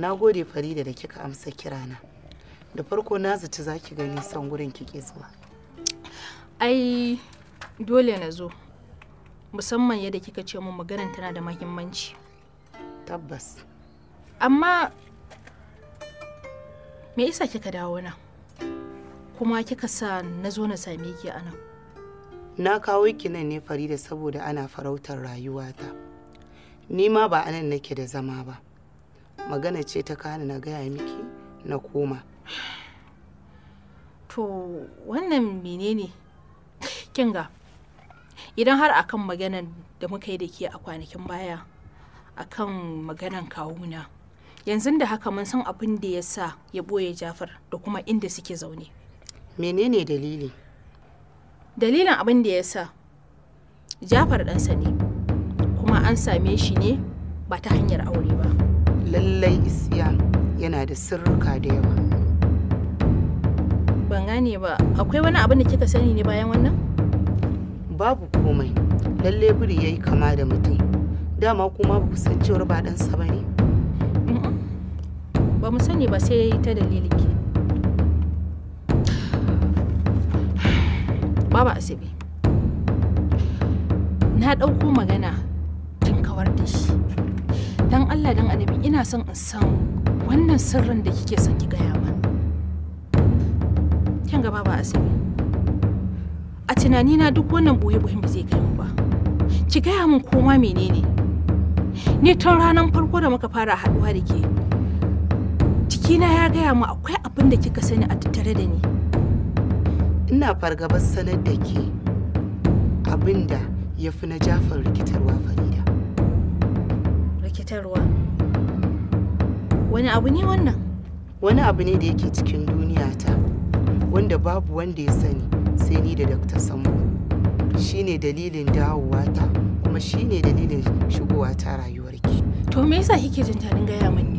na gode farida da kika amsa kirana da farko na zaci za ki gani son gurin kike zuwa ai dole na zo musamman yadda kika ce mun maganar tana da mahimmanci tabbas amma me yasa kika dawo nan kuma kika sa na zo na same ki a nan na kawo ki nan ne farida saboda ana farautar rayuwata ni ma ba anan nake da zama ba magana ce ta kana na gaya miki na koma to wannan menene kinga idan har akan maganan da muka yi da ke a kwanakin baya akan maganan kawuna yanzu da haka mun san abin da ya sa ya ɓoye jafar da kuma inda suke zaune menene dalili dalilin abin da ya sa jafar ɗansa ne kuma an same shi ne ba ta hanyar aure ba lallai isiya yana da sirrika da yawa ban gane ba akwai wani abin da kika sani ne bayan wannan babu komai lallai biri ya yi kama da mutum dama kuma ba san cewar ba ɗansa ba ne ba mu sani ba sai ta dalilin ki baba asibi na ɗauko magana tun kawar da shi don allah don annabi ina son in san wannan sirrin da kike son ki gaya ma. kin ga baba asibi a tunanina duk wannan boye buhin ba zai kai mu ba ki gaya mun koma menene Ni tun ranar farko da muka fara haɗuwa da ke Abokina ya gaya mu akwai abin da kika sani a tattare da ni. Ina fargabar sanar da ke abin da ya fi na jafar rikitarwa Farida. Rikitarwa? Wani abu ne wannan? Wani abu ne da yake cikin duniyata wanda babu wanda ya sani sai ni da Dr. Sambo. Shi ne dalilin dawowata kuma shi ne dalilin shigowata rayuwarki. To me yasa kike jin tarin gaya mani?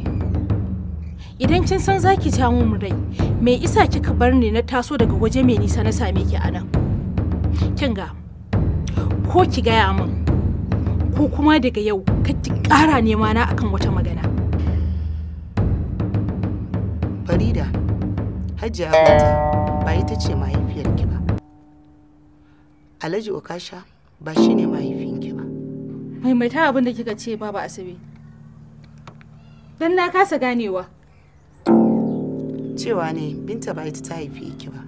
Idan kin san za ki jawo mu rai, me isa kika bar ni na taso daga waje mai nisa na same ki anan? Kin ga, ko ki gaya min, ko kuma daga yau ka ki ƙara nema na akan wata magana. Farida, Hajiya Binta ba ita ce mahaifiyarki ba. Alhaji Okasha ba shi ne mahaifinki ba. Maimaita abin da kika ce baba Asabe. Dan na kasa ganewa. cewa ne binta ba ita ta haifi ki ba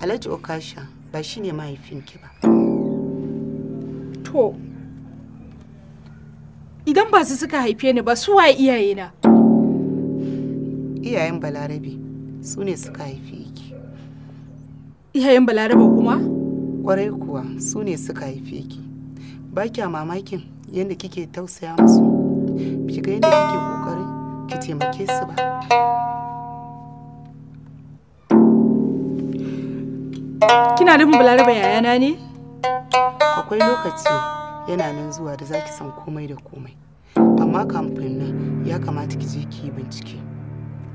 alhaji okasha ba shi ne mahaifinki ba to idan ba su suka haife ni ba su iyaye na iyayen balarabe su ne suka haife ki iyayen balarabe kuma kwarai kuwa su ne suka haife ki ba kya mamakin yadda kike tausaya musu ki ga yadda kike kokari ki taimake su ba Kina nufin Balaraba yayana ne? Akwai lokaci yana nan zuwa da zaki san komai da komai. Amma kamfin nan ya kamata ki je ki bincike.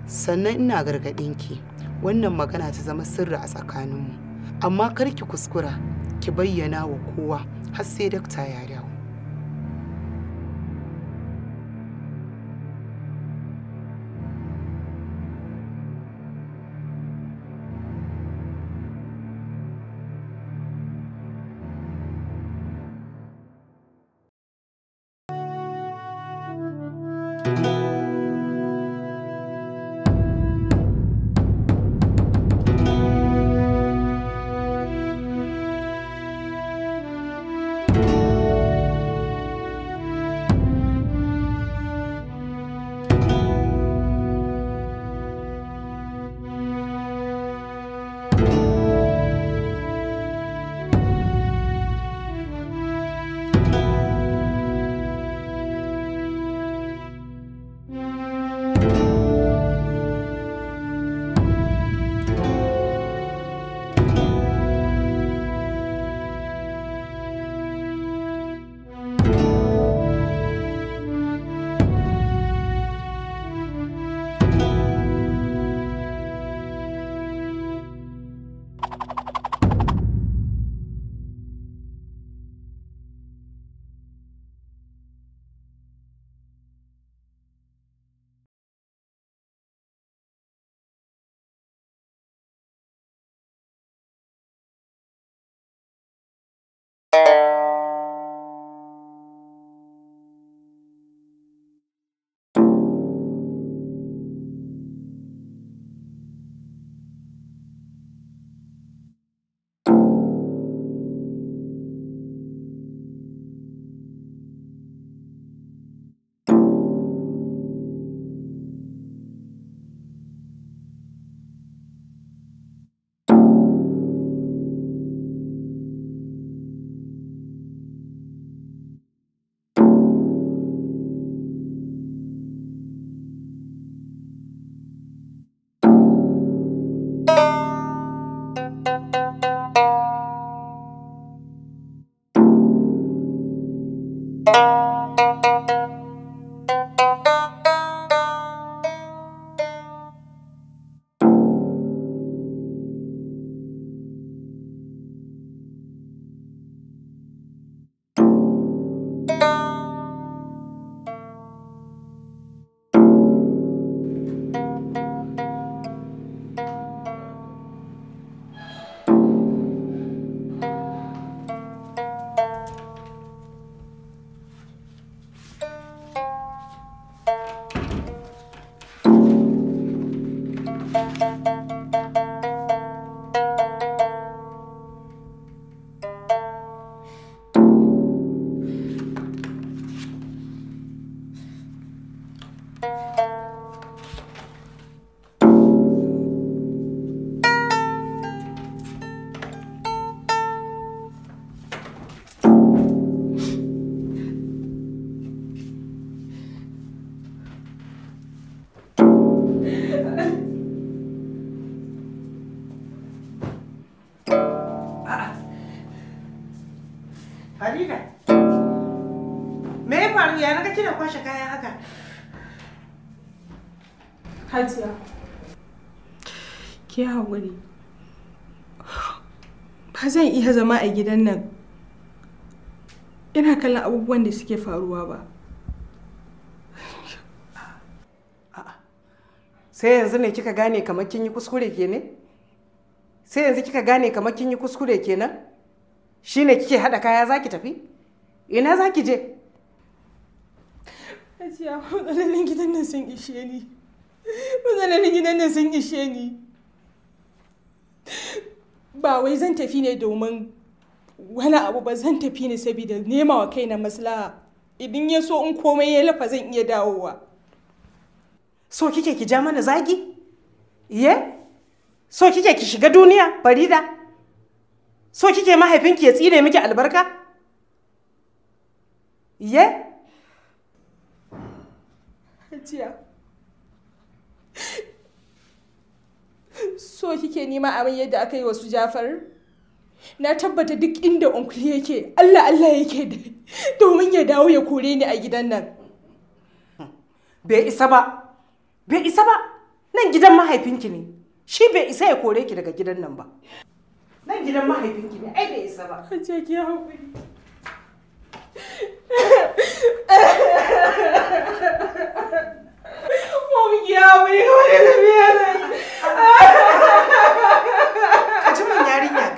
Sannan ina gargaɗin ki wannan magana ta zama sirri a tsakaninmu. Amma kar ki kuskura ki bayyana wa kowa har sai dakta ya ta zama a gidan nan ina kallon abubuwan da suke faruwa ba sai yanzu ne kika gane kamar kin yi kuskure ke ne sai yanzu kika gane kamar kin yi kuskure ke nan? shi ne kike hada kaya za ki tafi ina za ki je Ajiya, matsalolin gidan nan sun ishe ni. Matsalolin gidan nan sun ishe ni. ba wai zan tafi ne domin wani abu ba zan tafi ne saboda nema wa kaina maslaha idan ya so in komai ya lafa zan iya dawowa so kike ki ja mana zagi iye so kike ki shiga duniya farida so kike mahaifinki ya tsine miki albarka iye hajiya so kike nima a yadda aka yi wasu jafar na tabbata duk inda onkul yake allah allah yake domin ya dawo ya kore ni a gidan nan bai isa ba bai isa ba nan gidan mahaifinki ne shi bai isa ya kore ki daga gidan nan ba nan gidan mahaifinki ne ai bai isa ba ce ki haƙuri Mom, yeah, we got it. ka ji min yarinya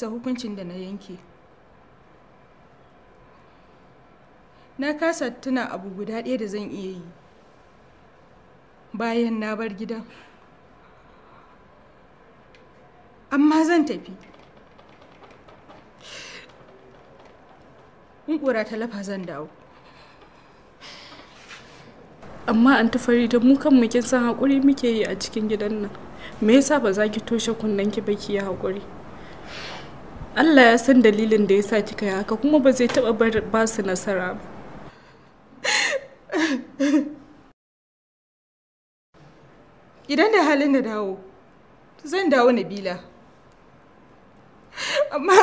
bisa hukuncin da na yanke na kasa tuna abu guda ɗaya da zan iya yi bayan na bar gidan amma zan tafi in ƙura talafa zan dawo amma an tafari da mu kan kin san haƙuri muke yi a cikin gidan nan me yasa ba za ki toshe kunnen ki ba ki yi haƙuri Allah ya san dalilin da ya sa kika yi haka kuma ba zai taɓa ba su nasara ba. Idan da halin da dawo, zan dawo Nabila. Amma...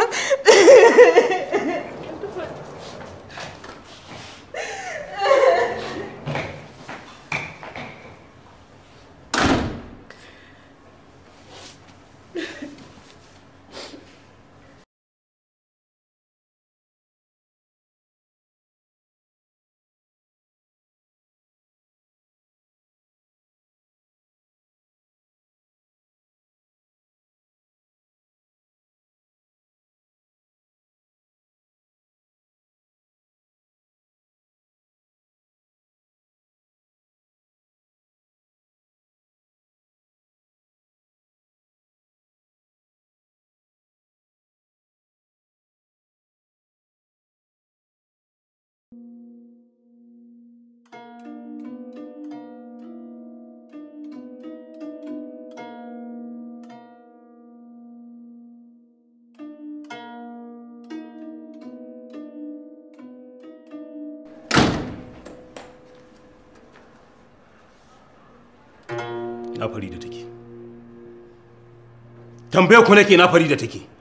na fari da take tambayar ku nake na fari da take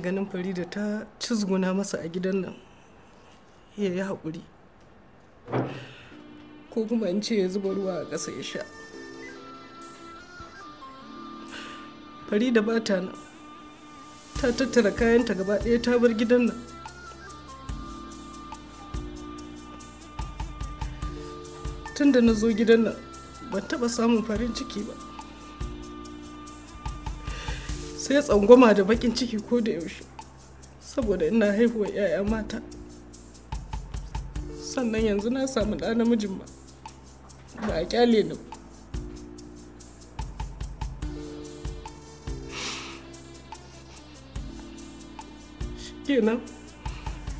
ganin farida ta ci cizguna masa a gidan nan ya yi haƙuri ko kuma in ce ya zuba ruwa a ƙasa ya sha farida ba ta nan ta tattara kayanta gaba ɗaya ta bar gidan nan tun da na zo gidan nan ban taɓa samun farin ciki ba sai tsangwama da bakin ciki ko da yaushe saboda ina haihuwar 'ya'ya mata sannan yanzu na samu ɗa namijin ma ba a kyale ni kenan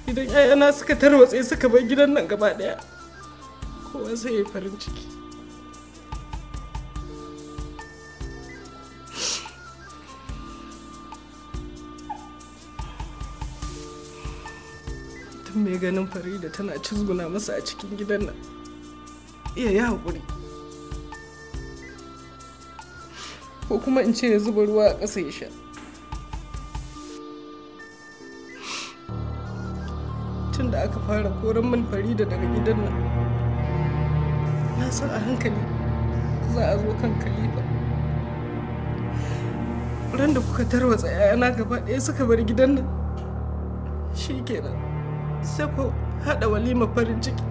idan 'ya'yana suka tarwatse suka bar gidan nan gaba daya kowa sai ya farin ciki mai ganin farida tana cizguna masa a cikin gidan nan iya ya haƙuri ko kuma in ce ya zuba ruwa a ƙasa ya sha tun da aka fara koran min farida daga gidan nan na san a hankali za a zo kan kalifa ran da kuka tarwatsa 'ya'yana gaba ɗaya suka bar gidan nan shi kenan sai ku haɗa walima farin ciki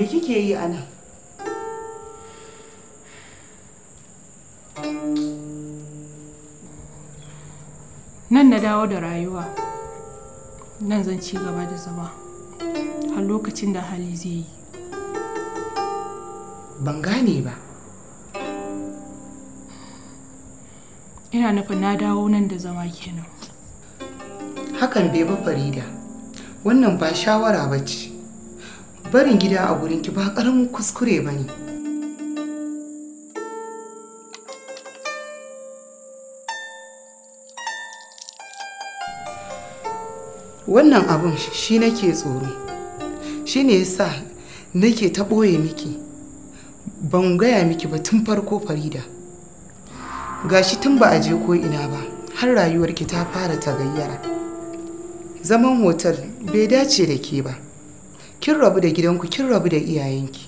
me kike yi anan? nan na dawo da rayuwa nan zan ci gaba da zama har lokacin da hali zai yi ban gane ba ina nufin na dawo nan da zama kenan hakan bai ba farida wannan ba shawara ba ce barin gida a gurinki ba karamin kuskure ba ne. Wannan abun shi nake tsoro, shi ne yasa nake ta ɓoye miki, ban gaya miki ba tun farko Farida. Gashi tun ba a je ko ina ba, har rayuwarki ta fara tagayyara. Zaman hotel bai dace da ke ba. kin rabu da gidanku kin rabu da iyayenki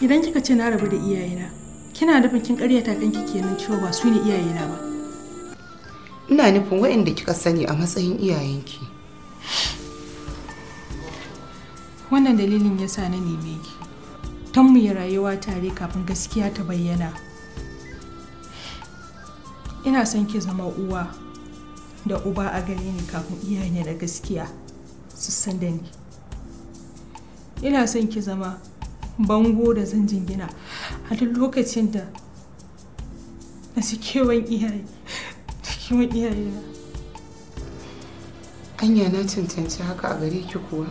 idan kika ce na rabu da iyayena kina nufin kin karyata kanki kenan cewa ba su ne iyayena ba ina nufin waɗanda kika sani a matsayin iyayenki wannan dalilin ya sa na neme ki Tun mu rayuwa tare kafin gaskiya ta bayyana ina son ki zama uwa da uba a gare ni kafin iyayena da gaskiya su san da ni ina son ki zama bango da zan jingina a duk lokacin da na su kewan iyaye da kewan iyaye na anya na cancanci haka a gare ki kuwa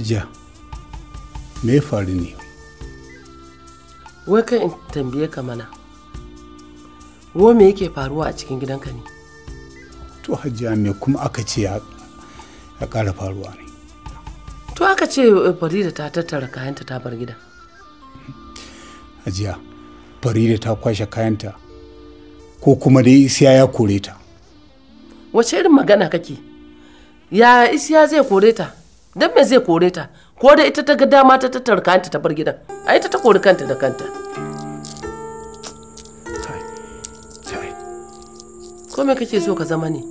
hajiya me ya faru ne wai kan tambiye tambaye ka mana wo me yake faruwa a cikin gidanka ne to hajiya me kuma aka ce ya ƙara faruwa ne to aka ce eh, farida ta tattara kayanta ta bar gida hajiya farida ta kwashe kayanta ko kuma dai isiya ya kore ta wace irin magana kake ya isiya zai kore ta don me zai kore ta ko da ita ta ga dama ta tattara kanta ta bar gidan a ita ta kori kanta da kanta ko me kake so ka zama ne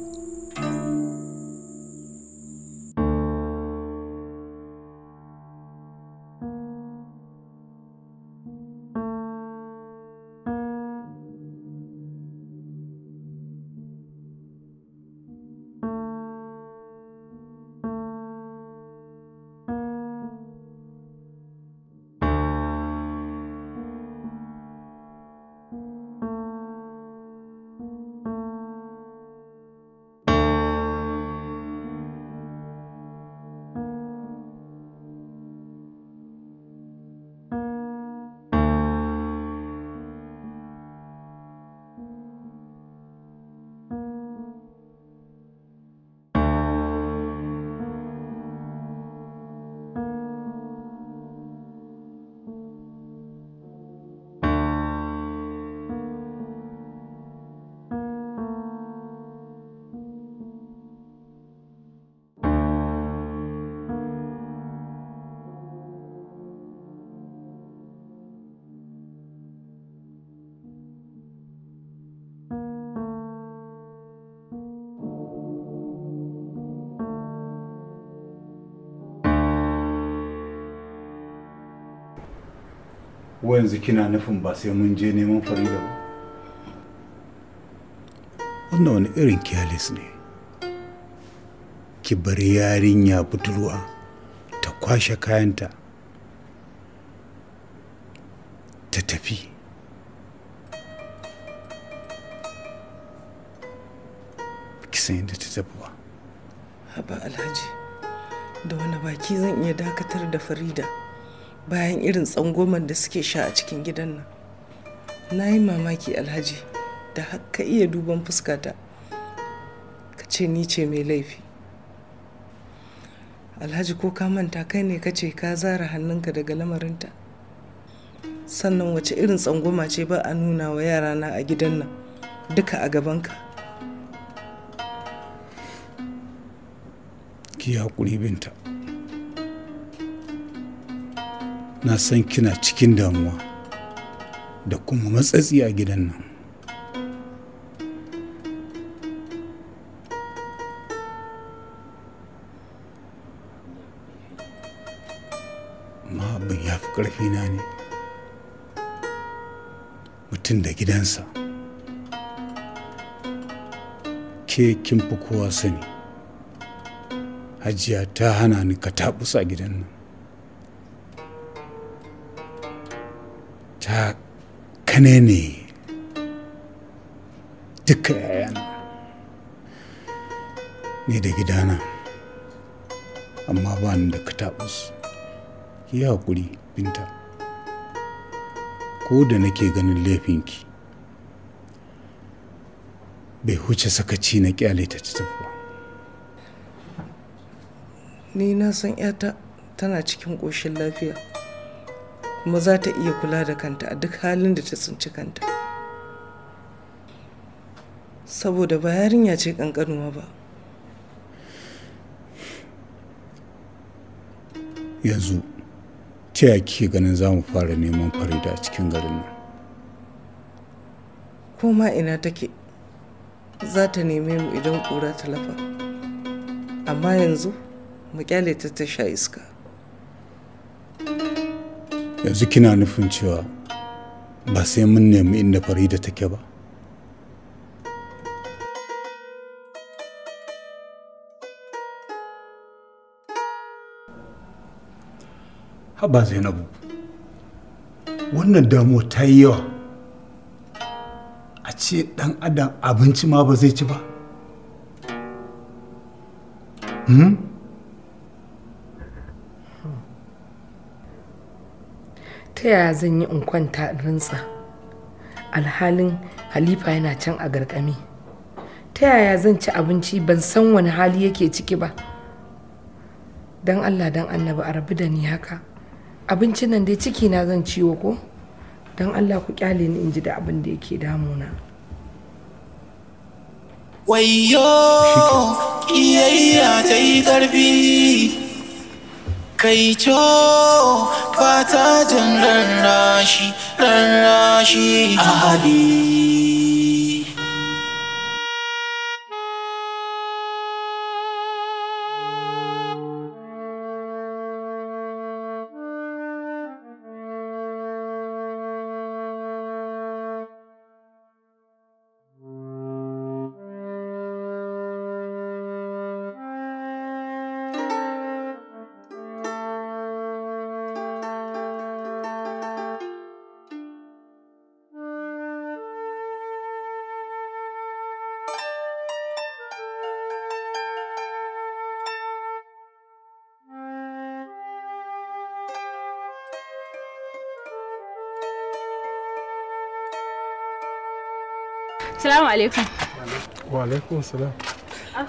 ko yanzu kina nufin ba sai mun je neman farida ba wannan wani irin kyalis ne ki bar yarinya budurwa ta kwashe kayanta ta tafi kisan yadda ta tafi haba alhaji da wani baki zan iya dakatar da farida bayan irin tsangoman da suke sha a cikin gidan nan na yi mamaki alhaji da haka iya duban fuskata ka ce ni ce mai laifi alhaji ko ka manta kai ne ka ce ka zara hannunka daga lamarinta sannan wace irin tsangoma ce ba a nuna wa yarana a gidan nan duka a gabanka ki haƙuri binta na san kina cikin damuwa da kuma matsatsi a gidan nan ma abin ya fi ƙarfina ne mutum da gidansa ke kin fi kowa sani hajiya ta hana ni ka taɓusa gidan nan ya ne duka yayana ni da gidana amma ba ni da katabus ki haƙuri binta ko da nake ganin laifin ki bai huce sakaci na kyale ta ci ba ni na san 'yata tana cikin ƙoshin lafiya kuma za ta iya kula da kanta a duk halin da ta tsinci kanta saboda ba yarinya ce kankanuwa ba yanzu ta ya ke ganin za mu fara neman farida a cikin garin nan koma ina take za ta neme mu idan kura ta lafa amma yanzu mu kyale ta ta sha iska yanzu kina nufin cewa ba sai mun nemi inda farida take ba haba zainabu wannan damuwa ta yi yawa a ce dan adam abinci ma ba zai ci ba hmm? ta yaya zan yi in kwanta in rintsa alhalin halifa yana can a garkami ta yaya zan ci abinci ban san wani hali yake ciki ba don allah don annabi a rabu da ni haka abinci nan dai ciki na zan ciwo ko don allah ku kyale ni in ji da abin da yake damuna wayo iyayya ta yi karfi kai co fata jin rarrashi rarrashi a hali alaikum. Wa alaikum salam. Ah.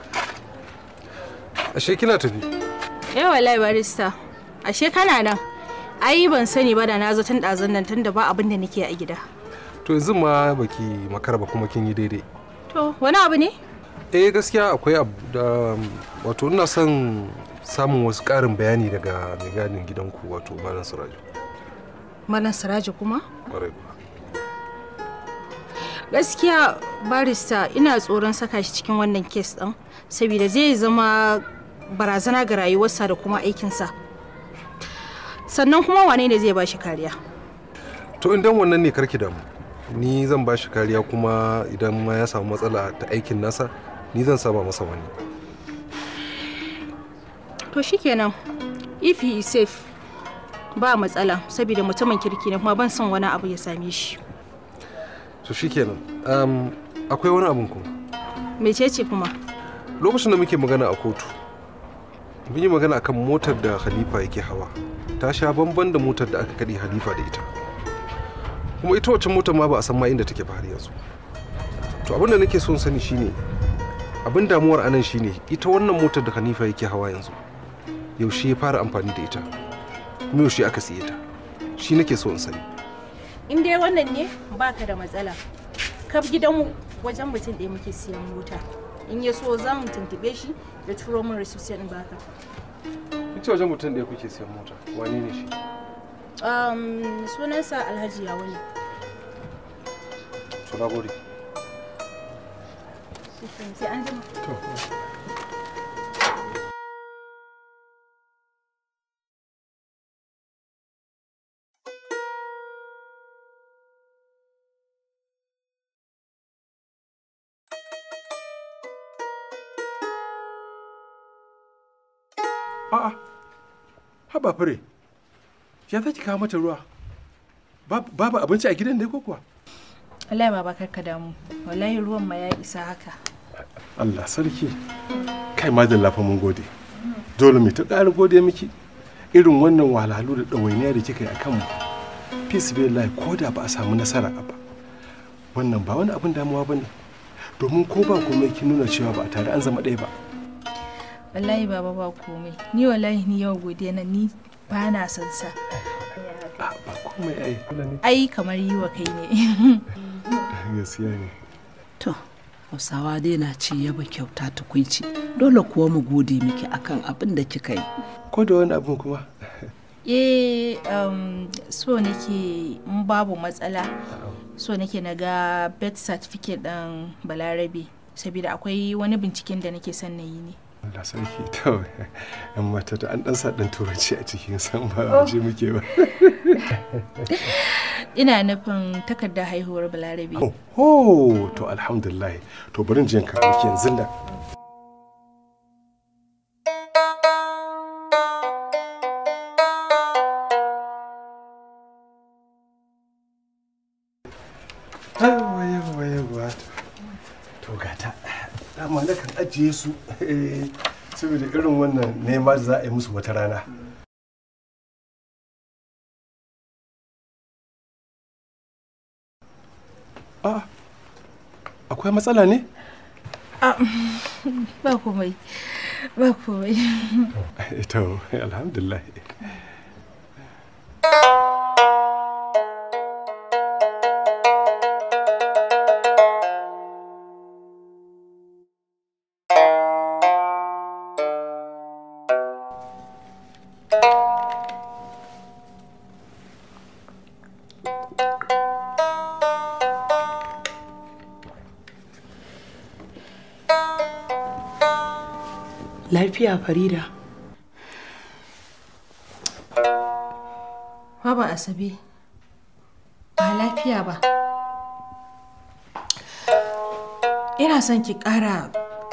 Ashe kina tafi? Eh wallahi barista. Ashe kana nan. Ai ban sani ba da na zo tun ɗazun nan tun da ba abin da nake a gida. To yanzu ma baki makara ba kuma kin yi daidai. To wani abu ne? Eh gaskiya akwai abu da um, wato ina son samun wasu ƙarin bayani daga mai gadin gidanku wato Malam Siraju. Malam Siraju kuma? Ƙwarai gaskiya barista ina tsoron saka shi cikin wannan kes ɗin saboda zai zama barazana ga rayuwarsa da kuma aikinsa sannan kuma wane ne zai bashi kariya to idan wannan ne karki damu ni zan bashi kariya kuma idan ma ya samu matsala ta aikin nasa ni zan saba masa wani to shikenan if he is safe ba matsala saboda mutumin kirki ne kuma ban son wani abu ya same shi To shikenan. Um, akwai wani abin kuma. ce kuma? Lokacin da muke magana a kotu, mun yi magana akan motar da Halifa yake hawa. Ta sha bamban da motar da aka kadi Halifa da ita. Kuma ita wacce motar ma ba a san ma inda take fari yanzu. To abin da nake son sani shine abin damuwar anan shine ita wannan motar da khalifa yake hawa yanzu. Yaushe ya fara amfani da ita? Kuma yaushe aka siye ta? Shi nake so in sani. in dai wannan ne baka da matsala kaf gidanmu wajen mutum ɗaya muke siyan mota in ya so za mu tuntuɓe shi ya turo mun resource in baka ce wajen mutum ɗaya kuke siyan mota wane ne shi um, sunansa alhaji yawo ne sunagori sai an jima haba fure ya ta kawo mata ruwa babu abinci a gidan da ko kuwa wallahi ma ba ka damu wallahi ruwan ma ya isa haka Allah sarki kai ma da mun gode dole mu ta ƙara gode miki irin wannan walalu da ɗawainiya da kika yi a kanmu peace be life ko da ba a samu nasara a ba wannan ba wani abin damuwa ba ne domin ko ba komai kin nuna cewa ba tare an zama ɗaya ba wallahi baba ba komai ni wallahi ni yau gode na ni ah, ba na san sa ai kamar yi wa kai ne gaskiya ne to hausawa dai na ce yaba kyauta tukunci dole kuwa mu gode miki akan abin da kika yi ko da wani abin kuma eh um, so nake in babu matsala so nake na ga birth certificate ɗin balarabe saboda akwai wani binciken da nake son na yi ne Allah sarki to yan mata da an dan sa dan turanci a cikin san ba waje oh. muke ba ina nufin takardar haihuwar balarabe oh to alhamdulillah to bari jin ka yanzu nan. dama na kan ajiye su eh, saboda irin wannan nema za a yi musu wata rana a ah, akwai matsala ne ah, ba komai ba komai to eh, alhamdulillah Lafiya Farida. Baba Asabe, ba lafiya ba. Ina son ki ƙara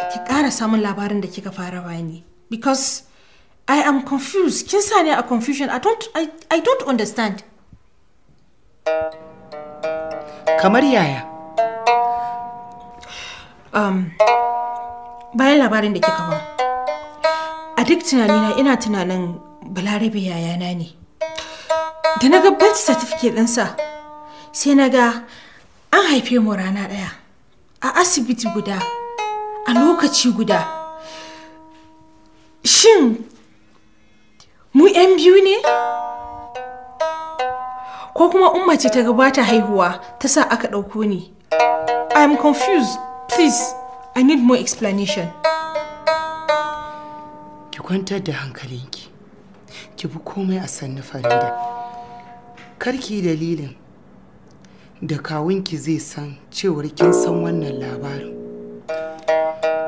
ki kara samun labarin da kika fara bani because I am confused. Kin sa ne a confusion. I don't I, I don't understand. Kamar yaya? Um, bayan labarin da kika ba. duk tunanina ina tunanin balarabe yayana ne da na ga birth certificate ɗinsa sai na ga an haife mu rana ɗaya a asibiti guda a lokaci guda shin mu 'yan biyu ne ko kuma umma ce ta gabata haihuwa ta sa aka ɗauko ni i am confused please i need more explanation kwantar da hankalinki ki bi komai a sannu farida karki dalilin da kawunki zai san cewar kin san wannan labarin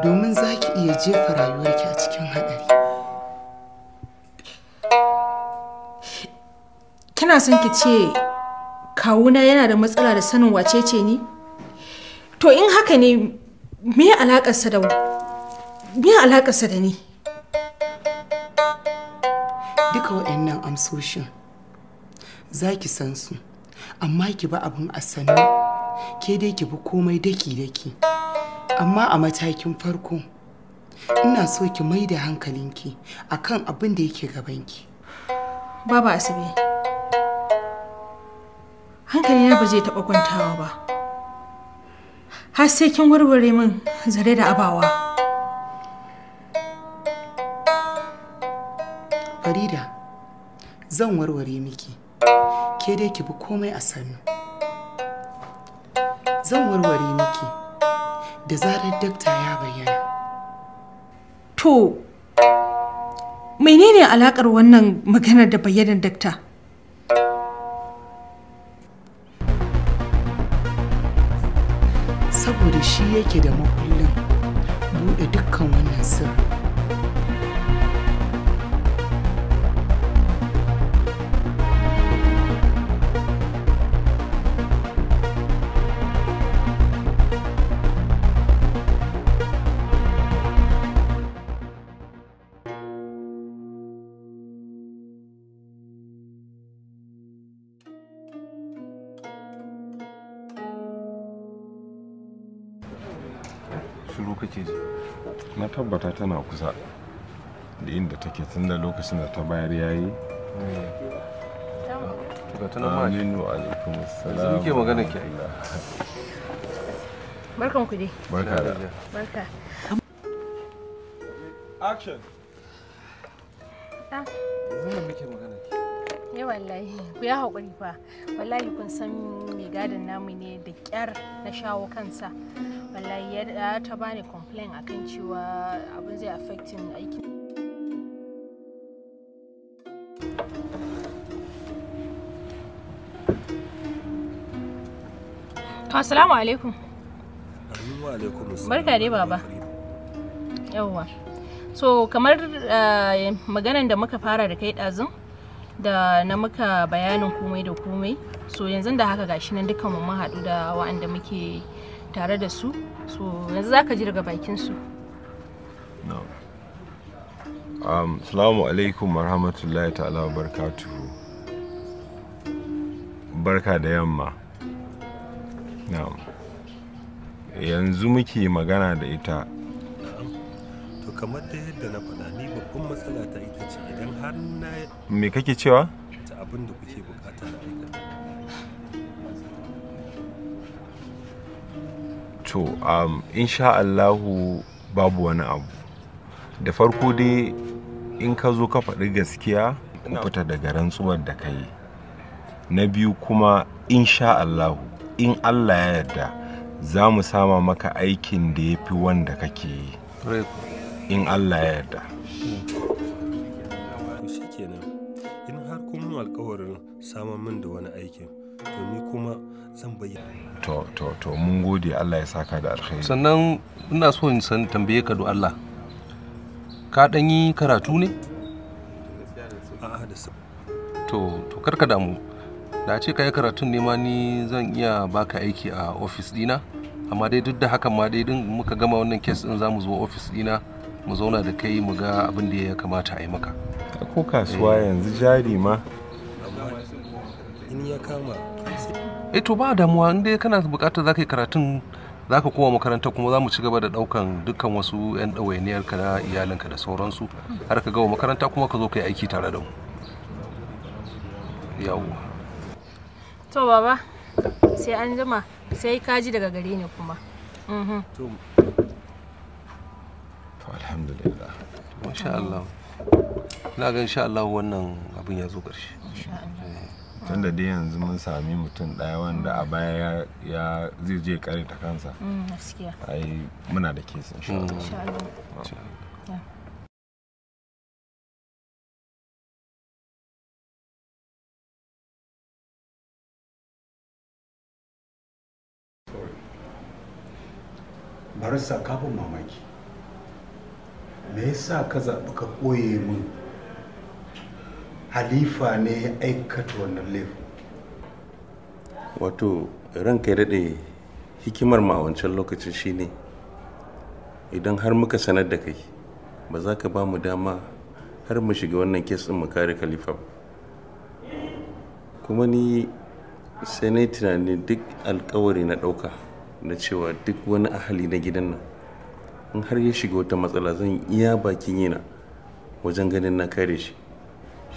domin za ki iya jefa rayuwarki a cikin haɗari kina son ki ce kawuna yana da matsala da sanin wacece ni to in haka ne me alakarsa da me alakarsa da ni duka wa'annan amsoshin za ki san su amma ki bi abin a sannu ke dai ki bi komai daki-daki amma a matakin farko ina so ki mai da hankalinki akan abin da yake gabanki baba asibi hankali na ba zai taɓa kwantawa ba har sai kin warware min zare da abawa zan warware miki ke dai ki bi komai a sannu zan warware miki da zarar dakta ya bayyana to menene alakar wannan maganar da bayyana dakta saboda shi yake da makullin buɗe dukkan wannan sirri tabbata tana kusa da inda take tun da lokacin da ta bayar yayi aminu alaikum assalam action muke magana eh wallahi ku ya haƙuri fa wallahi kun san mai gadin namu ne da kyar na shawo kansa wallahi ya ta bani complain akan cewa abin zai affecting aikin Assalamu alaikum. alaikum. Barka dai baba. Yawwa. So kamar eh, maganan da muka fara da kai ɗazun da na muka bayanin komai da komai so yanzu da haka gashi nan dukkan mu haɗu da wa'anda muke tare da su so yanzu zaka ji daga bakin su no. um, salamu alaikum warahmatullahi ta'ala wa barkatuhu barka da yamma no. yanzu muke magana da ita to kamar da yadda na faɗa babban matsala ta ita ce idan har na me kake cewa ta abin da kuke bukata na aika to um, insha Allahu babu wani abu da farko dai in ka zo ka faɗi gaskiya ku fita daga rantsuwar da ka yi na biyu kuma insha Allahu in Allah ya yarda za mu sama maka aikin da ya fi wanda kake yi in Allah ya yarda shi kenan in har kun alkawarin samun min da wani aikin to ni kuma zan bayyana to to mun gode Allah ya saka da alkhairi sannan ina so in san tambaye ka do Allah ka dan yi karatu ne to to karka damu da ce ka yi karatun ma ni zan iya baka aiki a ofis dina amma dai duk da hakan ma dai din muka gama wannan kes din zamu zo ofis dina mu zauna da kai mu ga abin da ya kamata a yi maka ko kasuwa eh. yanzu jari ma in ya kama eh to ba damuwa in dai kana bukatar zaka yi karatun zaka koma makaranta kuma zamu mu ci gaba da daukan dukkan wasu yan ɗawainiyar ka da iyalinka da sauransu har ka gawa makaranta kuma ka zo kai aiki tare da mu yawo to baba sai an jima sai ka daga gare ni kuma mhm. to alhamdulillah masha Allah na ga insha Allah wannan abin ya zo ƙarshe eh. tun da dai yanzu mun sami mutum ɗaya wanda a baya ya zai je kare ta kansa mm, ai muna da kesa insha Allah mm. barista kafin mamaki me yasa ka zaɓi ka koye min halifa ne ya aikata wannan laifin wato ranka ya daɗe hikimar ma wancan lokacin shine idan har muka sanar da kai ba za ka ba mu dama har mu shiga wannan kes ɗin mu kare khalifa ba kuma ni sai na tunanin duk alkawari na ɗauka na cewa duk wani ahali na gidan nan in har ya shiga wata matsala zan iya bakin yana wajen ganin na kare shi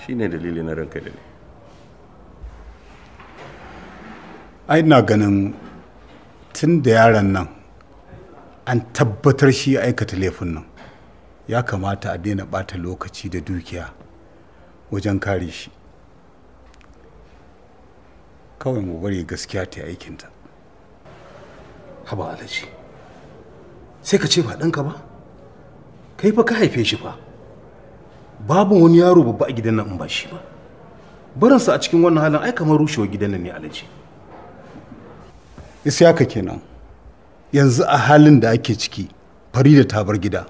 shine dalili na ranka da ne ai na ganin tun da yaran nan an tabbatar shi aikata laifin nan ya kamata a daina bata lokaci da dukiya wajen kare shi kawai mu bari gaskiya ta yi aikinta haba alaji sai ka ce ba ɗanka ba kai fa ka haife shi fa babu wani yaro babba a gidan nan in ba shi ba barinsa a cikin wannan halin ai kamar rushewa gidan nan ne alaji isyaka kenan yanzu a halin da ake ciki farida ta bar gida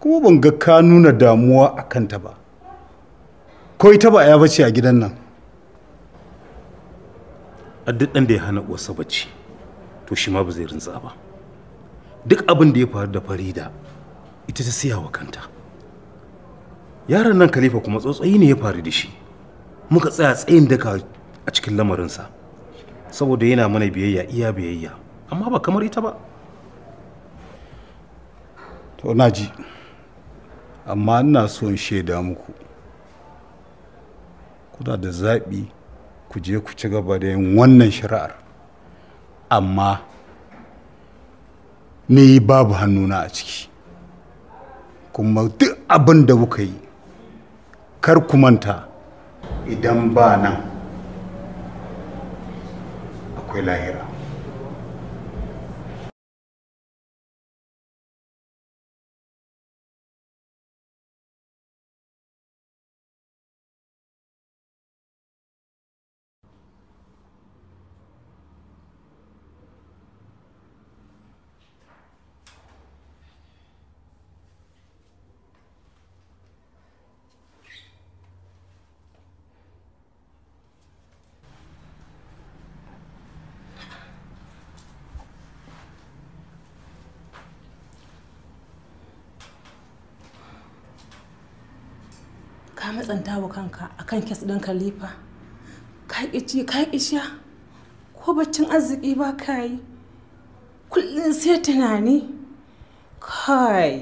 kuma ban ga ka nuna damuwa a kanta ba ko ita ba ya bace a gidan nan a duk ɗan da ya hana uwarsa bacci to shi ma ba zai rinza ba duk abin da ya faru da farida ita ta siya wa kanta yaron nan khalifa kuma tsotsayi ne ya faru da shi muka tsaya tsayin daka a cikin lamarinsa saboda yana mana biyayya iya biyayya amma ba kamar ita ba to na ji amma ina so in shaida muku kuna da zaɓi ku je ku ci gaba da yin wannan shari'ar amma ni babu hannuna a ciki kuma duk abin da kuka yi kar ku manta idan ba nan akwai lahira tsinta wa kanka a kan kes ɗin kalifa ka ci, ka ko baccin arziki ba ka yi kullum sai tunani kai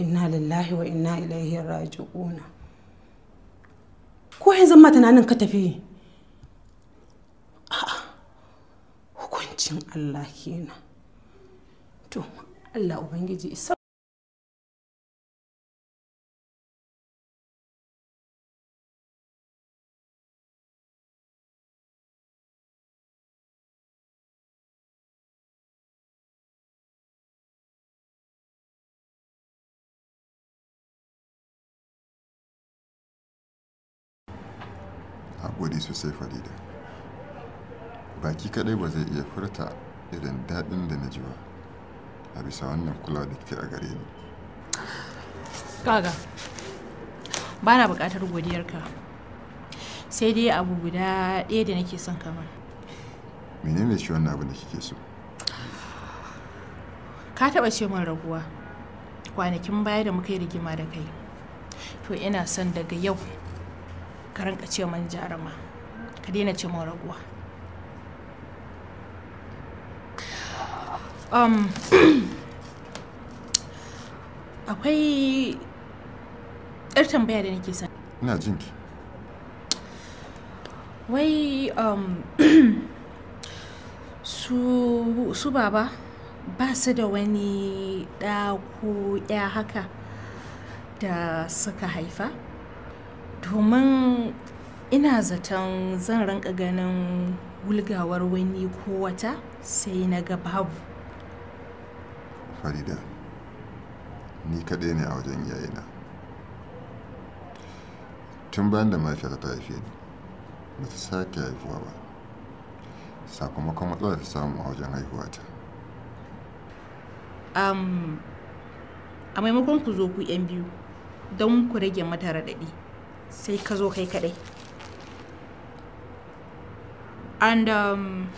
inna lillahi wa inna ilaihi raji'una ko yanzu ma tunanin ka tafi a'a hukuncin Allah kenan to Allah ubangiji isa sosai farida baki kadai ba zai iya furta irin daɗin da na ji ba a bisa wannan kulawa da kike a gare ni kaga ba na buƙatar godiyarka sai dai abu guda ɗaya da nake son kama. menene shi wannan abu da kike so ka taɓa ce min raguwa kwanakin baya da muka yi rigima da kai to ina son daga yau ka rinka ce man jarama ka daina ce mun raguwa um, akwai yar tambaya da nake sani ina jin ki wai um, su, su baba ba su da wani ɗa ko ya haka da suka haifa domin ina zaton zan ranka ganin wulgawar wani ko wata sai na ga babu farida ni kaɗai ne a wajen yayina tun bayan da mahaifiyar ta haife ni ba ta sake haifuwa ba sakamakon matsalar ta samu a wajen haihuwata um, a maimakon ku zo ku 'yan biyu don ku rage mata raɗaɗi sai ka zo kai kaɗai And um,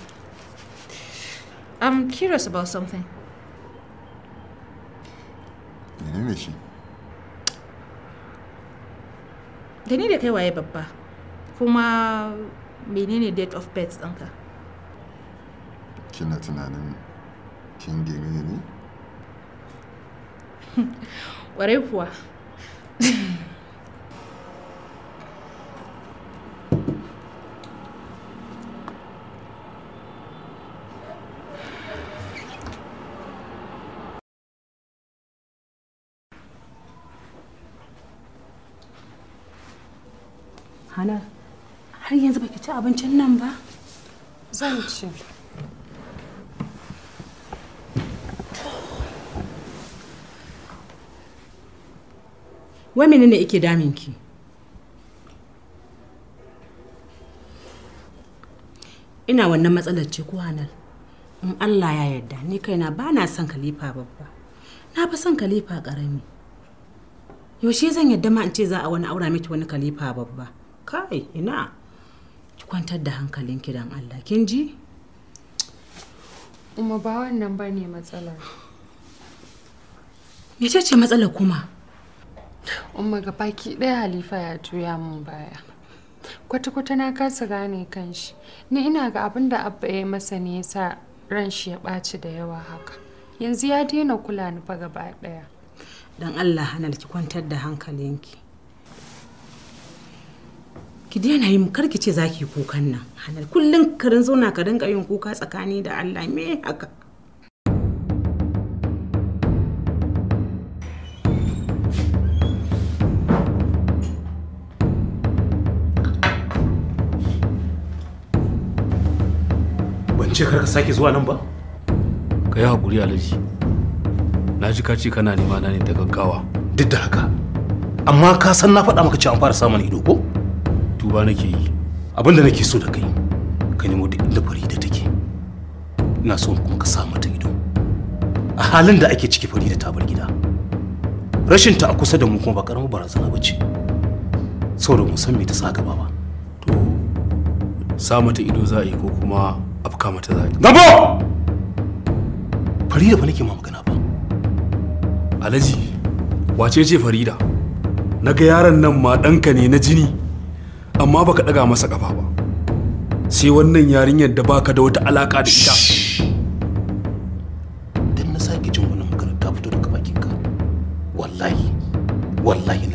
I'm curious about something. Menene shi? Da ni da kai waye babba, kuma menene date of birth ɗinka? Kina tunanin kin girme ne? Ƙwarai kuwa. hana har yanzu baki ci abincin nan ba zan ci wai menene yake daminki ina wannan matsalar ce ko in allah ya yarda ni kaina ba na son kalifa babba na fi son kalifa ƙarami yaushe zan yarda ma in ce za a wani aura miki wani kalifa babba kai ina ki kwantar da hankalin kidan Allah kin ji kuma ba wannan ba ne matsalar. Mece ce matsalar kuma? Umma ga baki ɗaya Halifa ya tuya min baya. Kwata-kwata na kasa gane kanshi. Ni ina ga abin da Abba ya masa ne yasa ran shi ya ɓaci da yawa haka. Yanzu ya daina kula ni fa gaba ɗaya. Dan Allah hanal ki kwantar da hankalinki. ki daina yin kar ki ce zaki kukan nan hanar kullum ka zauna ka rinka yin kuka tsakani da Allah me haka ban ce ka sake zuwa nan ba ka yi hakuri alaji na ji ka ce kana nema na ne da gaggawa duk da haka amma ka san na faɗa maka cewa an fara samun ido ko duba nake yi abin da nake so da kai ka nemo duk inda farida take ina so kuma ka sa mata ido a halin da ake ciki farida ta bar gida rashin ta a kusa da mu kuma ba karamin barazana ba ce saboda mu san me ta sa gaba ba to sa mata ido za a yi ko kuma afka mata za a yi gabo farida ba nake ma magana ba alhaji wace ce farida na ga yaron nan ma ɗanka ne na jini amma baka daga masa kafa ba sai wannan yarinyar da baka da wata alaka da ita dan na sake jin wannan magana fito daga bakinka wallahi wallahi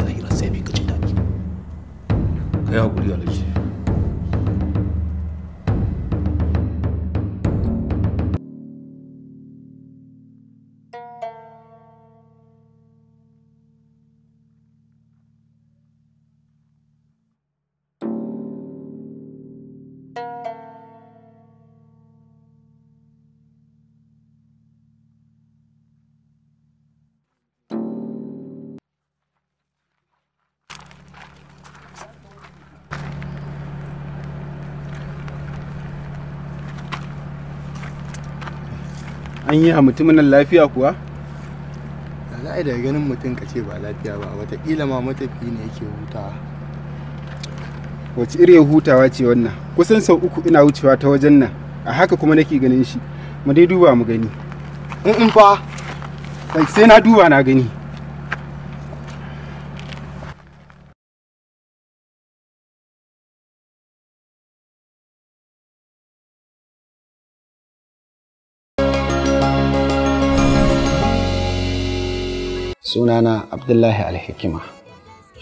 an yi a mutumin nan lafiya kuwa za a daga ganin mutum ka ce ba lafiya ba watakila ma matafi ne yake hutawa wace irin hutawa ce wannan kusan sau uku ina wucewa ta wajen nan a haka kuma nake ganin shi mu dai duba mu gani in in fa sai na duba na gani sunana abdullahi alhikima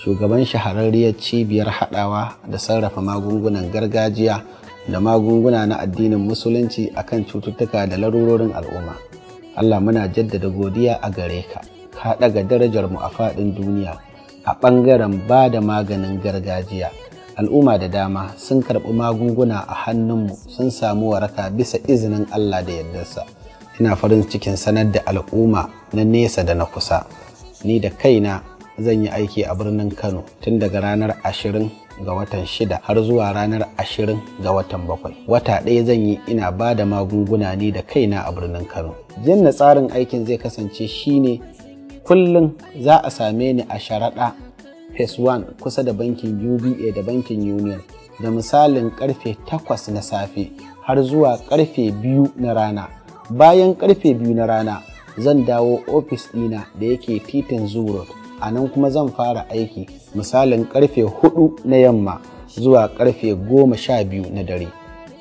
shugaban shahararriyar cibiyar haɗawa da sarrafa magungunan gargajiya da magunguna na addinin musulunci akan cututtuka da larurorin al'umma allah muna jaddada godiya a gare ka ka ɗaga darajar mu a faɗin duniya a ɓangaren ba da maganin gargajiya al'umma da dama sun karɓi magunguna a hannunmu sun samu waraka bisa izinin allah da yardarsa ina farin cikin sanar da al'umma na nesa da na kusa ni da kaina zan yi aiki a birnin kano tun daga ranar 20 ga watan 6 har zuwa ranar 20 ga watan 7 wata ɗaya zan yi ina ba da magunguna ni da kaina a birnin kano yadda tsarin aikin zai kasance shine kullum za a same ni a sharaɗa phase 1 kusa da bankin uba da bankin union da misalin karfe 8 na safe har zuwa karfe 2 na rana bayan karfe 2 na rana zan dawo ofis ɗina da yake titin zuwa a nan kuma zan fara aiki misalin karfe 4 na yamma zuwa karfe 12 na dare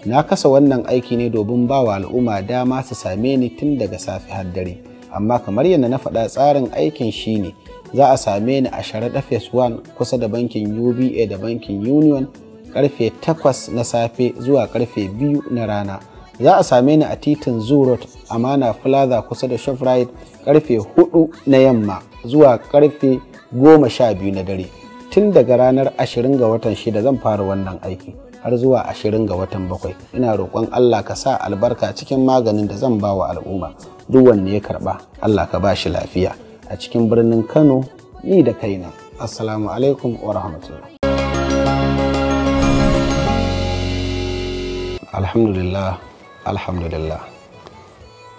na kasa wannan aiki ne domin ba wa al'umma dama su same ni tun daga safe har dare amma kamar yadda na faɗa tsarin aikin shine za a same ni a sharaɗa phase 1 kusa da bankin uba da bankin union karfe 8 na safe zuwa karfe 2 na rana za a same ni a titin zoo road amana plaza kusa da shoprite karfe 4 na yamma zuwa karfe 12 na dare tun daga ranar 20 ga watan 6 zan fara wannan aiki har zuwa 20 ga watan 7 ina roƙon allah ka sa albarka cikin maganin da zan ba wa al'umma duk wanne ya karba allah ka ba shi lafiya a cikin birnin kano ni da kaina assalamu alaikum wa rahmatullahi alhamdulillah alhamdulillah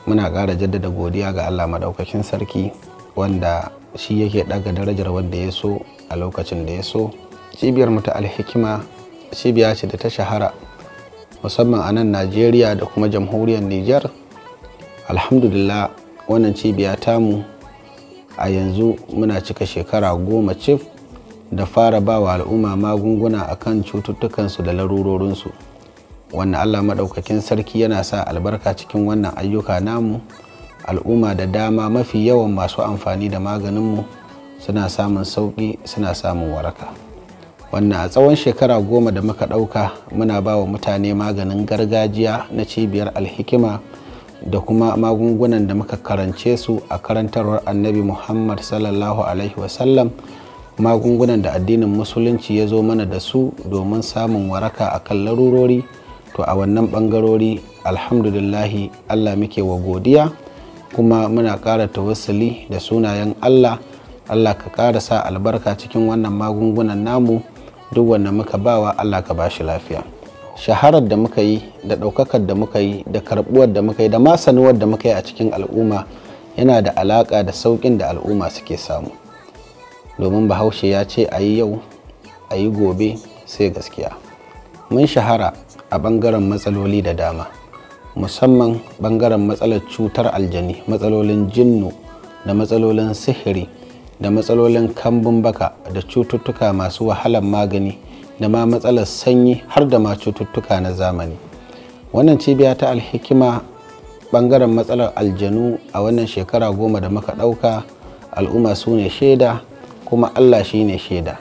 muna ƙara jaddada godiya ga allah maɗaukakin sarki wanda shi yake ɗaga darajar wanda ya so a lokacin da ya so cibiyar mu ta alhikima cibiya ce da ta shahara musamman a nan najeriya da kuma jamhuriyar niger alhamdulillah wannan cibiya mu a yanzu muna cika shekara goma cif da fara ba wa al'umma magunguna a kan cututtukansu da larurorinsu wannan allah maɗaukakin sarki yana sa albarka cikin wannan ayyuka namu al'umma da dama mafi yawan masu amfani da maganinmu suna samun sauƙi suna samun waraka wannan a tsawon shekara goma da muka ɗauka muna ba wa mutane maganin gargajiya na cibiyar alhikima da kuma magungunan da muka karance su a karantarwar annabi muhammad sallallahu alaihi wasallam magungunan da addinin musulunci ya zo mana da su domin samun waraka a kan larurori to a wannan bangarori alhamdulillahi allah muke wa godiya kuma muna ƙara tawassuli da sunayen allah allah ka ƙara sa albarka cikin wannan magungunan namu duk wanda muka bawa allah ka ba shi lafiya shaharar da muka yi da ɗaukakar da muka yi da karɓuwar da muka yi da masanuwar da muka yi a cikin al'umma yana da alaƙa da sauƙin da al'umma suke samu domin bahaushe ya ce a yi yau a yi gobe sai gaskiya mun shahara a ɓangaren matsaloli da dama musamman ɓangaren matsalar cutar aljani matsalolin jinnu da matsalolin sihiri da matsalolin kambun baka da cututtuka masu wahalar magani da ma matsalar sanyi har da ma cututtuka na zamani wannan cibiya ta alhikima bangaren matsalar aljanu a wannan shekara goma da muka ɗauka al'umma su ne shaida kuma allah shi ne shaida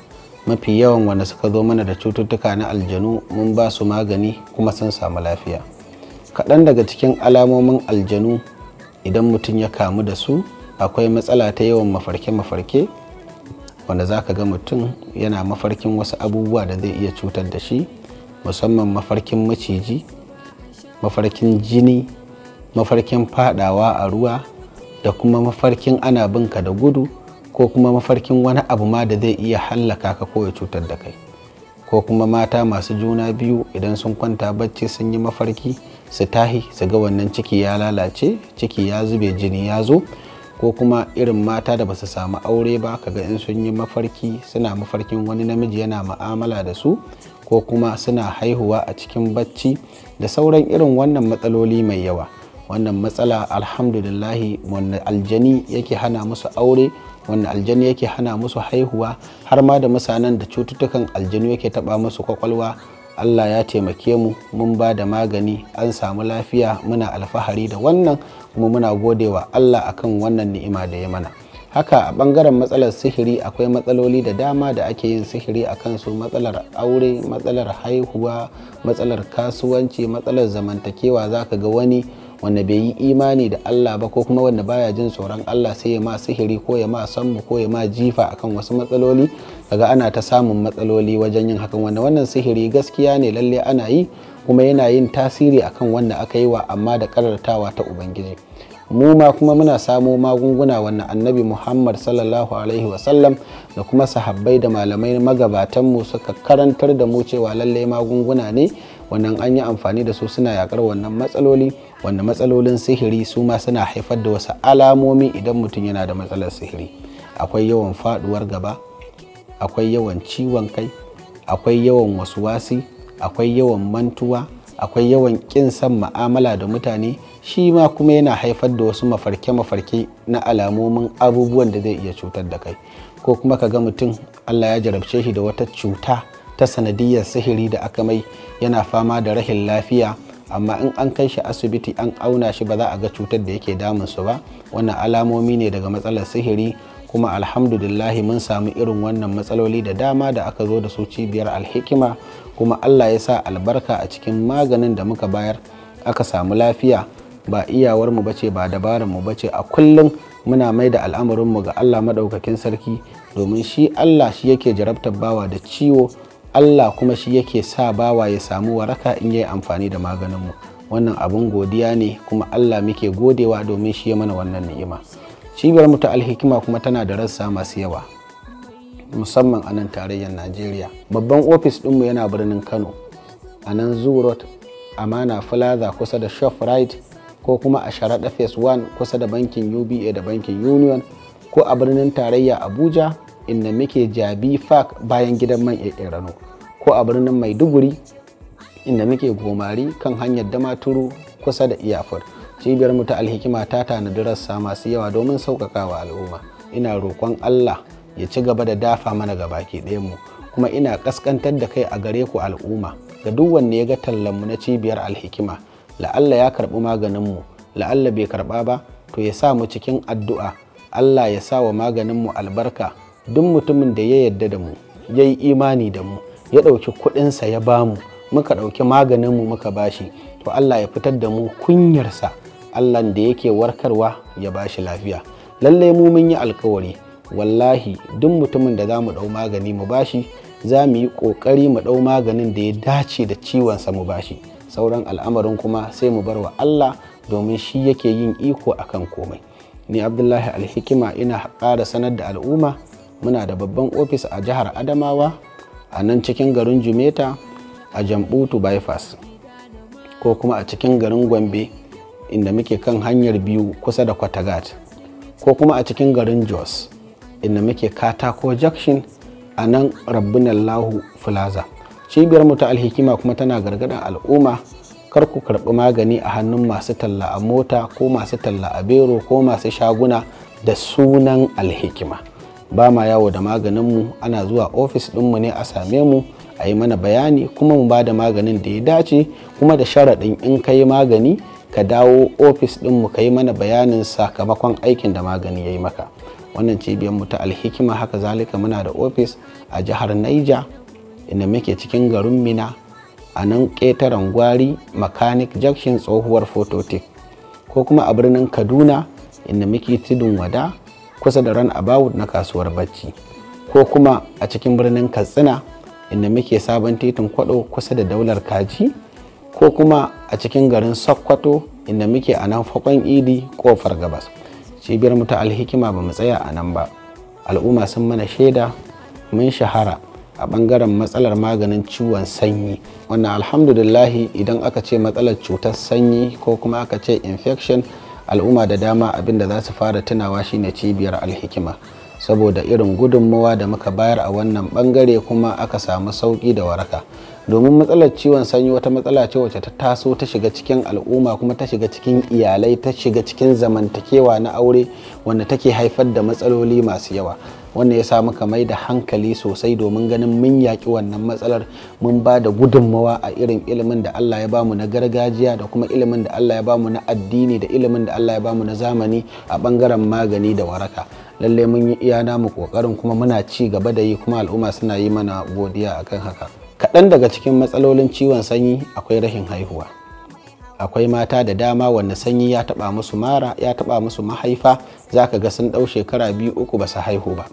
mafi yawan wanda suka zo mana da cututtuka na aljanu mun ba su magani kuma sun samu lafiya kaɗan daga cikin alamomin aljanu idan mutum ya kamu da su akwai matsala ta yawan mafarke-mafarke wanda za ka ga mutum yana mafarkin wasu abubuwa da zai iya cutar da shi musamman mafarkin maciji mafarkin jini mafarkin fadawa a ruwa da kuma mafarkin ana binka da gudu ko kuma mafarkin wani abu ma da zai iya hallaka ka ko ya cutar da kai ko kuma mata masu juna biyu idan sun kwanta bacci sun yi mafarki su tahi su ga wannan ciki ya lalace ciki ya zube jini ya zo ko kuma irin mata da ba su samu aure ba ka ga in sun yi mafarki suna mafarkin wani namiji yana ma'amala da su ko kuma suna haihuwa a cikin bacci da sauran irin wannan matsaloli mai yawa wannan matsala alhamdulillahi wannan aljani yake hana musu aure wanda aljanu yake hana musu haihuwa har ma da mutanen da cututtukan aljanu yake taba musu kwakwalwa Allah ya taimake mu mun ba da magani an samu lafiya muna alfahari da wannan kuma muna godewa Allah akan wannan ni'ima da ya mana haka a bangaren matsalar sihiri akwai matsaloli da dama da ake yin sihiri a kansu matsalar aure matsalar haihuwa matsalar kasuwanci matsalar zamantakewa zaka ga wani wanda bai yi imani da Allah ba ko kuma wanda baya jin tsoron Allah sai ya ma sihiri ko ya ma sammu ko ya ma jifa akan wasu matsaloli kaga ana ta samun matsaloli wajen yin hakan wanda wannan sihiri gaskiya ne lalle ana yi kuma yana yin tasiri akan wanda aka yi wa amma da karartawa ta ubangiji mu ma kuma muna samo magunguna wannan annabi muhammad sallallahu alaihi wasallam da kuma sahabbai da malamai magabatan mu suka karantar da mu cewa lallai magunguna ne wannan an yi amfani da su suna yakar wannan matsaloli wanda matsalolin sihiri su ma suna haifar da wasu alamomi idan mutum yana da matsalar sihiri akwai yawan faduwar gaba akwai yawan ciwon kai akwai yawan wasu wasi akwai yawan mantuwa akwai yawan kin san ma'amala da mutane shi ma kuma yana haifar da wasu mafarke-mafarke na alamomin abubuwan da zai iya cutar da kai ko kuma ka ga mutum allah ya jarabce shi da wata cuta ta sanadiyar sihiri da aka mai yana fama da rahin lafiya amma in an kai shi asibiti an auna shi ba za a ga cutar da yake damun su ba wannan alamomi ne daga matsalar sihiri kuma alhamdulillah mun samu irin wannan matsaloli da dama da aka zo da su cibiyar alhikima kuma allah ya sa albarka a cikin maganin da muka bayar aka samu lafiya ba iyawarmu ba ce ba dabarar mu bace a kullum muna mai da al'amarin mu ga allah maɗaukakin sarki domin shi allah shi yake jarabtar bawa da ciwo Allah kuma shi yake sa bawa ya samu waraka in yi amfani da maganinmu wannan abin godiya ne kuma Allah muke godewa domin shi ya mana wannan ni'ima cibiyar mu ta alhikima kuma tana da rassa masu yawa musamman a nan tarayyar Najeriya babban ofis ɗinmu yana birnin Kano a nan Zoo Amana Plaza kusa da Shoprite ko kuma a Sharada Phase 1 kusa da bankin UBA da bankin Union ko a birnin tarayya Abuja inda muke jabi fak bayan gidan man rano ko a birnin maiduguri inda muke gomari kan hanyar dama turu kusa da iyafur cibiyar mu ta alhikima ta tanadi rassa masu yawa domin sauƙaƙawa al'umma ina roƙon allah ya ci gaba da dafa mana gaba gabaki mu kuma ina ƙasƙantar da kai a gare ku al'umma ga duk wanne ya ga tallan mu na cibiyar alhikima la'alla ya karɓi maganinmu la'alla bai karɓa ba to ya sa mu cikin addu'a allah ya sa wa maganinmu albarka duk mutumin da ya yarda da mu ya yi imani da mu ya ɗauki kuɗinsa ya ba mu, muka ɗauki maganinmu muka bashi to Allah ya fitar da mu kunyarsa Allah da yake warkarwa ya ba shi lafiya lallai mu mun yi alkawari wallahi duk mutumin da za mu ɗau magani mu bashi za mu yi ƙoƙari mu ɗau maganin da ya dace da ciwonsa mu bashi sauran al'amarin kuma sai mu bar wa Allah domin shi yake yin iko akan komai ni abdullahi alhikima ina ƙara sanar da al'umma muna da babban ofis a jihar adamawa a nan cikin garin jumeta a jambutu bypass ko kuma a cikin garin gombe inda muke kan hanyar biyu kusa da kwatagat ko kuma a cikin garin jos inda muke katako jakshin a nan rabbinan lahu plaza cibiyar mu ta alhikima kuma tana gargaɗin al'umma kar ku karɓi magani a hannun masu talla a mota ko masu talla a bero ko masu shaguna da sunan alhikima ba ma yawo da maganinmu ana zuwa ofis ɗinmu ne a same mu a yi mana bayani kuma mu ba da maganin da ya dace kuma da sharaɗin in ka yi magani ka dawo ofis ɗinmu ka yi mana bayanin sakamakon aikin da magani ya yi maka wannan cibiyar mu ta alhikima haka zalika muna da ofis a jihar naija ina muke cikin garin mina a nan ƙetaren gwari mechanic junction tsohuwar phototech ko kuma a birnin kaduna ina muke tudun wada kusa da ran about na kasuwar bacci ko kuma a cikin birnin katsina inda muke sabon titin kwado kusa da daular kaji ko kuma a cikin garin sokoto inda muke a nan fakon idi kofar gabas cibiyar mu ta alhikima ba mu tsaya a nan ba al'umma sun mana shaida mun shahara a bangaren matsalar maganin ciwon sanyi wannan alhamdulillahi idan aka ce matsalar cutar sanyi ko kuma aka ce infection al'umma da dama abin da za su fara tunawa shine cibiyar alhikima saboda irin gudunmawa da muka bayar a wannan bangare kuma aka samu sauki da waraka domin matsalar ciwon sanyi wata matsala ce wacce ta taso ta shiga cikin al'umma kuma ta shiga cikin iyalai ta shiga cikin zamantakewa na aure wanda take haifar da matsaloli masu yawa wannan ya sa muka mai da hankali sosai domin ganin mun yaƙi wannan matsalar mun ba da gudunmawa a irin ilimin da Allah ya bamu na gargajiya da kuma ilimin da Allah ya bamu na addini da ilimin da Allah ya bamu na zamani a ɓangaren magani da waraka lallai mun yi iya namu kokarin kuma muna ci gaba da yi kuma al'umma suna yi mana godiya akan haka kaɗan daga cikin matsalolin ciwon sanyi akwai rashin haihuwa akwai mata da dama wanda sanyi ya taba musu mara ya taba musu mahaifa za ka ga sun ɗau shekara biyu uku ba su haihu ba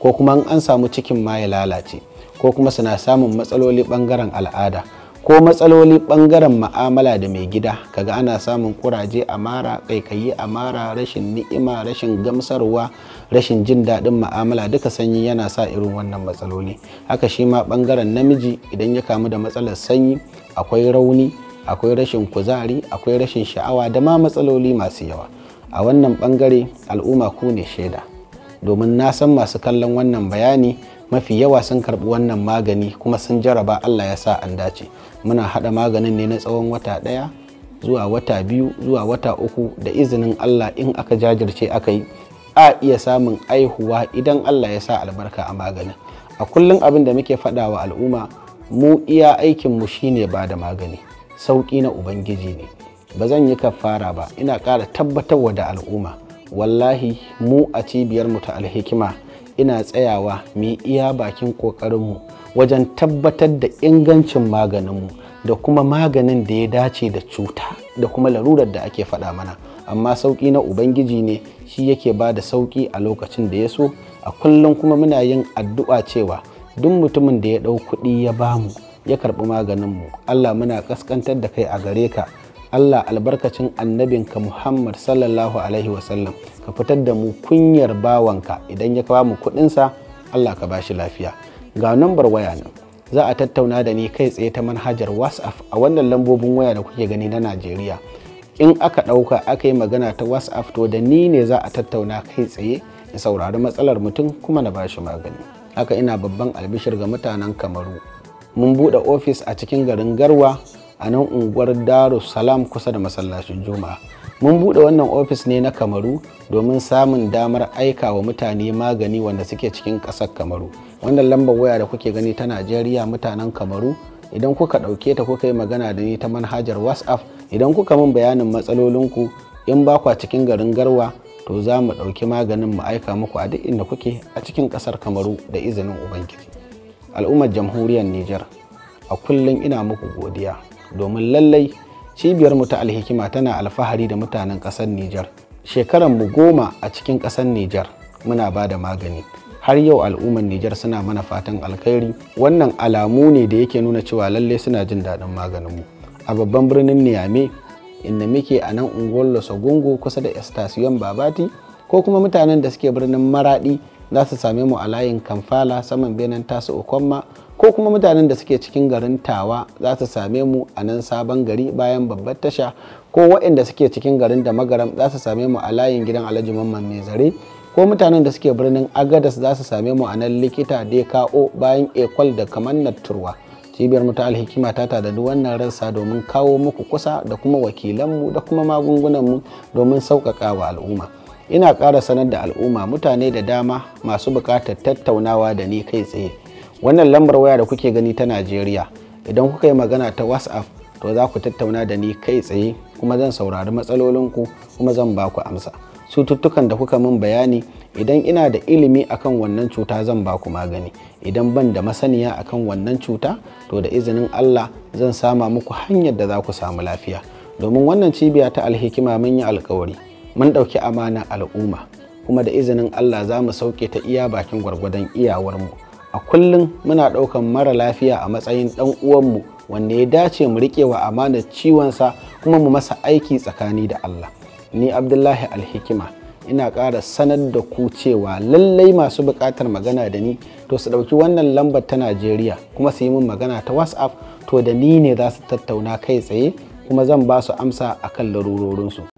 ko kuma an samu cikin ma ya lalace ko kuma suna samun matsaloli ɓangaren al'ada ko matsaloli ɓangaren ma'amala da mai gida kaga ana samun kuraje a mara kaikayi a mara rashin ni'ima rashin gamsarwa rashin jin daɗin ma'amala duka sanyi yana sa irin wannan matsaloli haka shi ma ɓangaren namiji idan ya kamu da matsalar sanyi akwai rauni akwai rashin kuzari akwai rashin sha'awa da ma matsaloli masu yawa a wannan bangare al'umma ku ne shaida domin na san masu kallon wannan bayani mafi yawa sun karbi wannan magani kuma sun jaraba Allah ya sa an dace muna haɗa maganin ne na tsawon wata ɗaya zuwa wata biyu zuwa wata uku da izinin Allah in aka jajirce aka yi a iya samun aihuwa idan Allah ya sa albarka a maganin a kullum abin da muke faɗa al'umma mu iya aikinmu shine ba da magani sauƙi na ubangiji ne ba zan yi kafara ba ina ƙara wa da al'umma wallahi mu a cibiyarmu ta alhikima ina tsayawa mu iya bakin ƙoƙarinmu wajen tabbatar da ingancin maganinmu da kuma maganin da ya dace da cuta da kuma larurar da ake faɗa mana amma sauƙi na ubangiji ne shi yake ba da sauƙi a lokacin da ya so a kullum kuma muna yin addu'a cewa duk mutumin da ya ɗau kuɗi ya bamu ya karɓi maganinmu Allah muna kaskantar da kai a gare ka Allah albarkacin annabinka Muhammad sallallahu alaihi wasallam ka fitar da mu kunyar bawanka idan ya kawo mu sa, Allah ka bashi lafiya ga nambar waya nan za a tattauna da ni kai tsaye ta manhajar WhatsApp a wannan lambobin waya da kuke gani na Najeriya in aka ɗauka aka yi magana ta WhatsApp to da ni ne za a tattauna kai tsaye in saurari matsalar mutum kuma na bashi magani haka ina babban albishir ga mutanen Kamaru mun buɗe ofis a cikin garin garwa a nan unguwar salam kusa da masallacin juma'a mun buɗe wannan ofis ne na kamaru domin samun damar aika wa mutane magani wanda suke cikin ƙasar kamaru wannan lambar waya da kuke gani ta najeriya mutanen kamaru idan kuka ɗauke ta kuka yi magana da ni ta manhajar whatsapp idan kuka min bayanin matsalolinku in ba kwa cikin garin garwa to za mu ɗauki maganin mu aika muku a duk inda kuke a cikin ƙasar kamaru da izinin ubangiji al'ummar jamhuriyar Nijar a kullum ina muku godiya domin lallai cibiyar mu ta alhikima tana alfahari da mutanen ƙasar Nijar shekaran mu goma a cikin ƙasar Nijar muna ba da magani har yau al'ummar Nijar suna mana fatan alkhairi wannan alamu ne da yake nuna cewa lallai suna jin daɗin maganinmu a babban birnin Niyame inda muke a nan unguwar sagungu kusa da Estasiyon Babati ko kuma mutanen da suke birnin Maradi za su same mu a layin kamfala saman benin tasu okonma ko kuma mutanen da suke cikin garin tawa za su same mu a nan sabon gari bayan babbar tasha ko waɗanda suke cikin garin da magaram za su same mu a layin gidan alhaji mamman mai zare ko mutanen da suke birnin agadas za su same mu a nan likita dko bayan ekol da kamannar turwa cibiyar mu ta alhikima ta tada duk wannan rassa domin kawo muku kusa da kuma wakilanmu da kuma magungunanmu domin sauƙaƙa wa al'umma ina ƙara sanar da al'umma mutane da dama masu buƙatar tattaunawa da ni kai tsaye wannan lambar waya da kuke gani ta najeriya idan kuka yi magana ta whatsapp to za ku tattauna da ni kai tsaye kuma zan saurari matsalolinku kuma zan ba ku amsa cututtukan da kuka min bayani idan ina da ilimi akan wannan cuta zan ba ku magani idan ban da masaniya akan wannan cuta to da izinin allah zan sama muku hanyar da za ku samu lafiya domin wannan cibiya ta alhikima mun yi alkawari mun ɗauki amana al'umma kuma da izinin Allah za mu sauke ta iya bakin gwargwadon iyawarmu a kullum muna ɗaukan mara lafiya a matsayin ɗan uwanmu wanda ya dace mu riƙe wa amanar ciwonsa kuma mu masa aiki tsakani da Allah ni Abdullahi Alhikima ina ƙara sanar da ku cewa lallai masu buƙatar magana da ni to su ɗauki wannan lambar ta Najeriya kuma su yi min magana ta WhatsApp to da ni ne za su tattauna kai tsaye kuma zan ba su amsa akan larurorinsu.